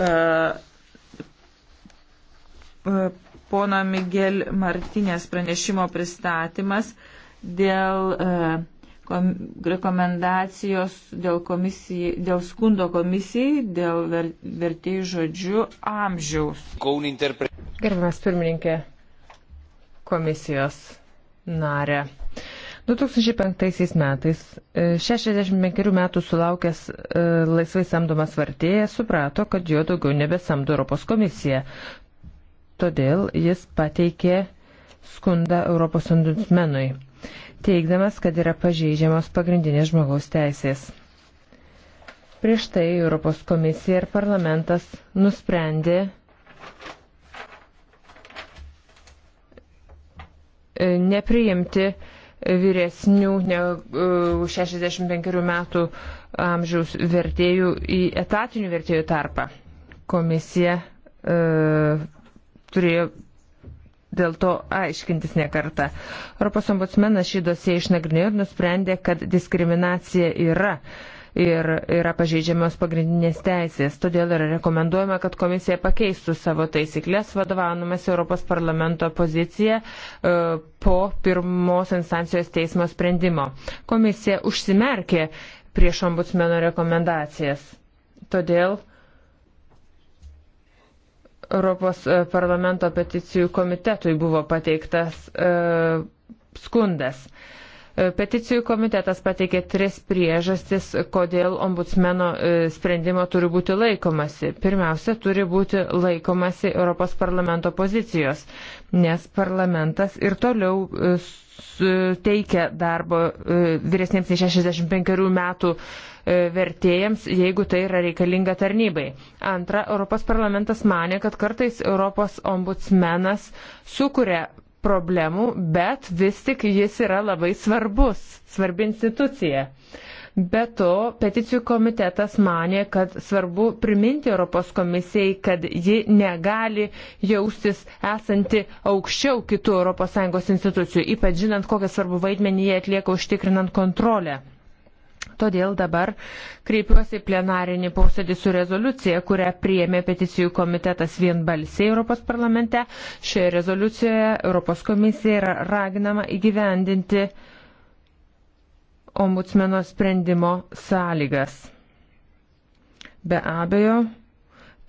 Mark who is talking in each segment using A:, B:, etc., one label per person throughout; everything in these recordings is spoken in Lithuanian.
A: E, pono Miguel Martinės pranešimo pristatymas dėl e,
B: rekomendacijos dėl, komisijai, dėl skundo komisijai, dėl ver, vertėjų žodžių
A: amžiaus. Gerbiamas
B: pirmininkė, komisijos narė. 2005 metais 65 e, metų sulaukęs e, laisvai samdomas vartėjas suprato, kad jo daugiau nebesamdo Europos komisija. Todėl jis pateikė skundą Europos ombudsmenui, teikdamas, kad yra pažeidžiamos pagrindinės žmogaus teisės. Prieš tai Europos komisija ir parlamentas nusprendė e, nepriimti vyresnių negu 65 e, metų amžiaus vertėjų į etatinių vertėjų tarpą. Komisija e, turėjo dėl to aiškintis nekartą. Europos ombudsmenas šį dosiją išnagrinėjo ir nusprendė, kad diskriminacija yra. E, ir yra pažeidžiamios pagrindinės teisės. Todėl yra rekomenduojama, kad komisija pakeistų savo taisyklės, vadovaujamas Europos parlamento poziciją e, po pirmos instancijos teismo sprendimo. Komisija užsimerkė prieš ombudsmeno rekomendacijas. Todėl Europos e, parlamento peticijų komitetui buvo pateiktas e, skundas. E, E, peticijų komitetas pateikė tris priežastis, kodėl ombudsmeno e, sprendimo turi būti laikomasi. Pirmiausia, turi būti laikomasi Europos parlamento pozicijos, nes parlamentas ir toliau e, teikia darbo vyresniems nei 65 metų vertėjams, jeigu tai yra reikalinga tarnybai. Antra, Europos parlamentas mane, kad kartais Europos ombudsmenas sukuria problemų, bet vis tik jis yra labai svarbus, svarbi institucija. Be to, peticijų komitetas mane, kad svarbu priminti Europos komisijai, kad ji negali jaustis esanti aukščiau kitų ES institucijų, ypač žinant, kokią svarbų vaidmenį jie atlieka užtikrinant kontrolę. Todėl dabar kreipiuosi plenarinį posėdį su rezoliucija, kurią priėmė peticijų komitetas vienbalsiai Europos parlamente. Šioje rezoliucijoje Europos komisija yra raginama įgyvendinti ombudsmeno sprendimo sąlygas. Be abejo,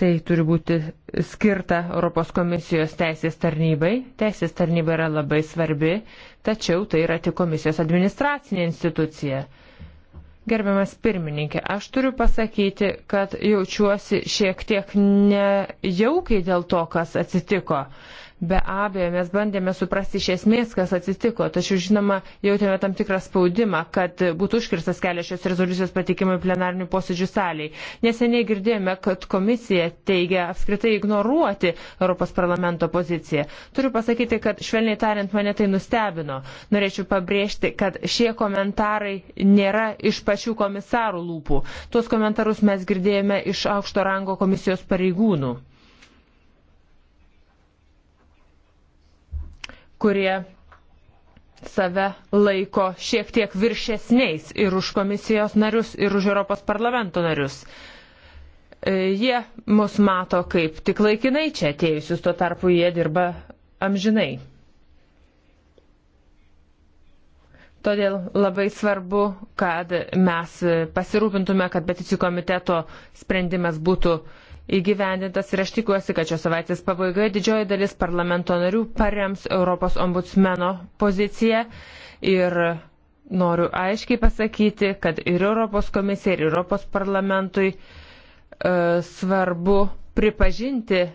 B: tai turi būti skirta Europos komisijos teisės tarnybai. Teisės tarnyba yra labai svarbi, tačiau tai yra tik komisijos administracinė institucija. Gerbiamas pirmininkė, aš turiu pasakyti, kad jaučiuosi šiek tiek nejaukiai dėl to, kas atsitiko. Be abejo, mes bandėme suprasti iš esmės, kas atsitiko, tačiau žinoma, jautėme tam tikrą spaudimą, kad būtų užkirstas kelias šios rezoliucijos patikimui plenarnių posėdžių saliai. Neseniai girdėjome, kad komisija teigia apskritai ignoruoti Europos parlamento poziciją. Turiu pasakyti, kad švelniai tariant mane tai nustebino. Norėčiau pabrėžti, kad šie komentarai nėra iš pačių komisarų lūpų. Tuos komentarus mes girdėjome iš aukšto rango komisijos pareigūnų. kurie save laiko šiek tiek viršesniais ir už komisijos narius, ir už Europos parlamento narius. E, jie mus mato kaip tik laikinai čia atėjusius, tuo tarpu jie dirba amžinai. Todėl labai svarbu, kad mes pasirūpintume, kad peticijų komiteto sprendimas būtų uh, įgyvendintas ir aš tikiuosi, kad šios savaitės pabaigoje didžioji dalis parlamento narių parems Europos ombudsmeno poziciją ir noriu aiškiai pasakyti, kad ir Europos komisija, ir Europos parlamentui e, svarbu pripažinti e,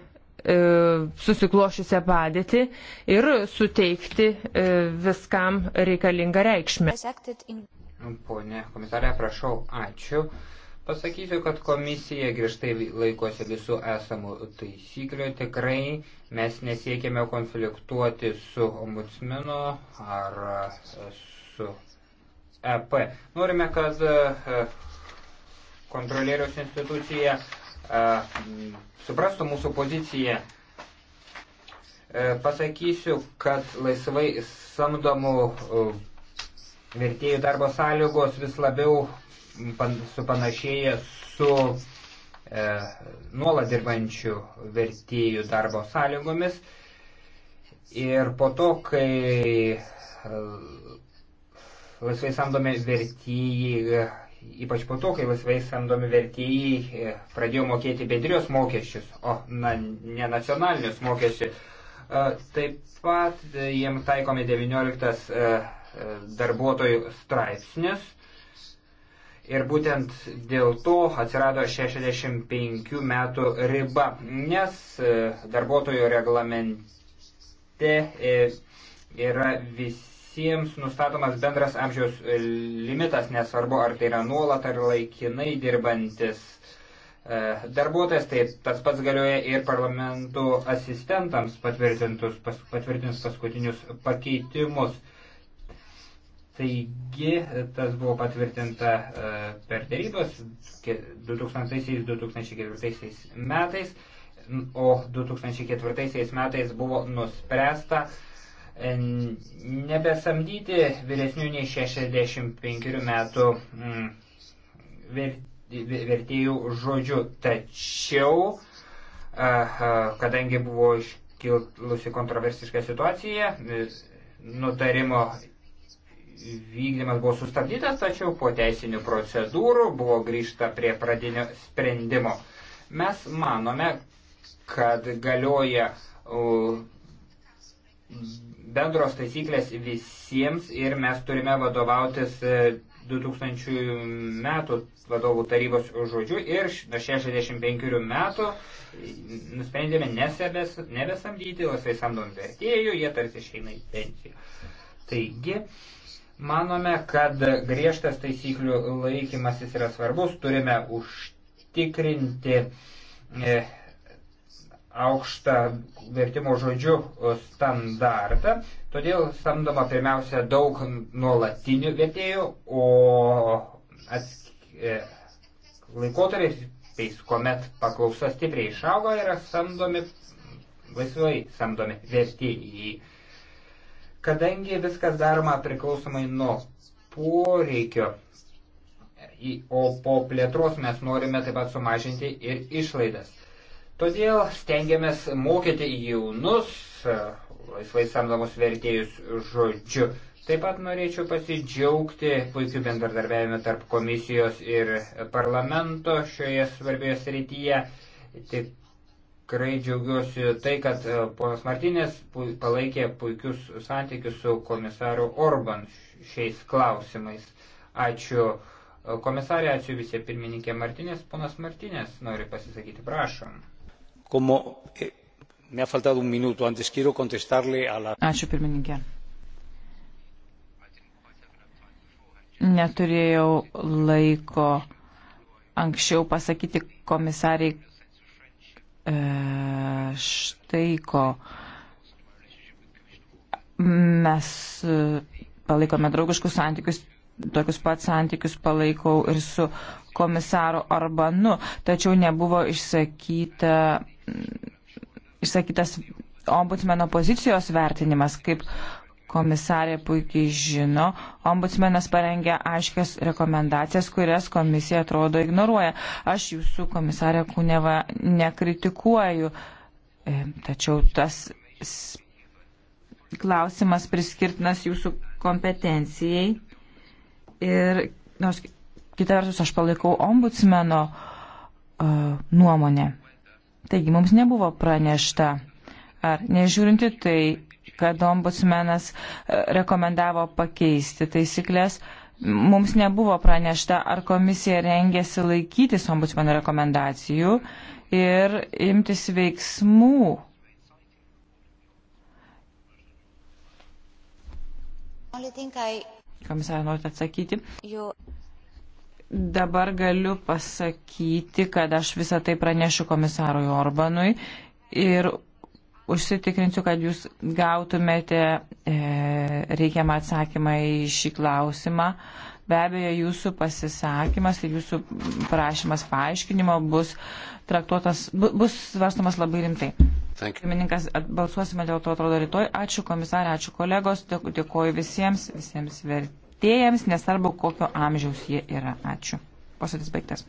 B: susiklošiusią padėtį ir suteikti e, viskam reikalingą reikšmę.
C: Pone komisarė, prašau, ačiū. Pasakysiu, kad komisija griežtai laikosi visų esamų taisyklių. Tikrai mes nesiekėme konfliktuoti su ombudsmenu ar e, su EP. Norime, kad e, kontrolieriaus institucija e, suprastų mūsų poziciją. Pasakysiu, kad laisvai samdomų vertėjų darbo sąlygos vis labiau pan, supanašėja su e, nuolat dirbančių vertėjų darbo sąlygomis. Ir po to, kai e, laisvai samdomi vertėjai, e, ypač po to, kai laisvai samdomi vertėjai e, pradėjo mokėti bendrijos mokesčius, o na, ne nacionalinius mokesčius, e, Taip pat jiems taikomi 19 darbuotojų straipsnis. Ir būtent dėl to atsirado 65 metų riba, nes e, darbuotojo reglamente e, yra visiems nustatomas bendras amžiaus limitas, nesvarbu ar tai yra nuolat ar laikinai dirbantis e, darbuotojas, tai tas pats galioja ir parlamentų asistentams patvirtintus, pas, patvirtinus paskutinius pakeitimus. Taigi, tas buvo patvirtinta e, per darybas 2000-2004 metais, o 2004 metais buvo nuspręsta e, nebesamdyti vyresnių nei 65 metų mm, vertėjų žodžių. Tačiau, e, kadangi buvo iškilusi kontroversiška situacija, nutarimo vykdymas buvo sustabdytas, tačiau po teisinių procedūrų buvo grįžta prie pradinio sprendimo. Mes manome, kad galioja bendros taisyklės visiems ir mes turime vadovautis 2000 e, metų vadovų tarybos žodžiu ir nuo 65 metų nusprendėme nesebės, nebesamdyti, laisvai samdom vertėjų, jie tarsi išeina į pensiją. Taigi, Manome, kad griežtas taisyklių laikymasis yra svarbus, turime užtikrinti e, aukštą vertimo žodžių standartą, todėl samdoma pirmiausia daug nuolatinių vertėjų, o e, laikotarpiais, kuomet paklausa stipriai išaugo, yra samdomi, laisvai samdomi vertėjai kadangi viskas daroma priklausomai nuo poreikio. O po plėtros mes norime taip pat sumažinti ir išlaidas. Todėl stengiamės mokyti jaunus, laisvai samdomus vertėjus žodžiu. Taip pat norėčiau pasidžiaugti puikiu bendradarbiavimu tarp komisijos ir parlamento šioje svarbioje srityje. Taip tikrai džiaugiuosi tai, kad e, ponas Martinės palaikė puikius santykius su komisaru Orban šiais klausimais. Ačiū e, komisarė, ačiū visie pirmininkė Martinės. Ponas Martinės nori pasisakyti, prašom.
A: Como, eh, me ha faltado un minuto, antes quiero contestarle a la... Ačiū pirmininkė. Neturėjau laiko anksčiau pasakyti komisariai, E, štai ko. Mes e, palaikome draugiškus santykius, tokius pat santykius palaikau ir su komisaru Orbanu, tačiau nebuvo išsakyta, išsakytas ombudsmeno pozicijos vertinimas, kaip komisarė puikiai žino, ombudsmenas parengė aiškias rekomendacijas, kurias komisija atrodo ignoruoja. Aš jūsų komisarė Kūneva nekritikuoju, e, tačiau tas klausimas priskirtinas jūsų kompetencijai. Ir nors kita vertus aš palaikau ombudsmeno uh, nuomonę. Taigi mums nebuvo pranešta. Ar nežiūrinti tai kad ombudsmenas e, rekomendavo pakeisti taisyklės. Mums nebuvo pranešta, ar komisija rengėsi laikytis ombudsmeno rekomendacijų ir imtis veiksmų. Komisarė, norite atsakyti? Dabar galiu pasakyti, kad aš visą tai pranešiu komisarui Orbanui ir Užsitikrinsiu, kad jūs gautumėte e, reikiamą atsakymą į šį klausimą. Be abejo, jūsų pasisakymas ir jūsų prašymas paaiškinimo bus traktuotas, bu, bus svarstamas labai rimtai. Pirmininkas, balsuosime dėl to atrodo rytoj. Ačiū komisarė, ačiū kolegos, dėkoju visiems, visiems vertėjams, nesvarbu kokio amžiaus jie yra. Ačiū. Posėdis baigtas.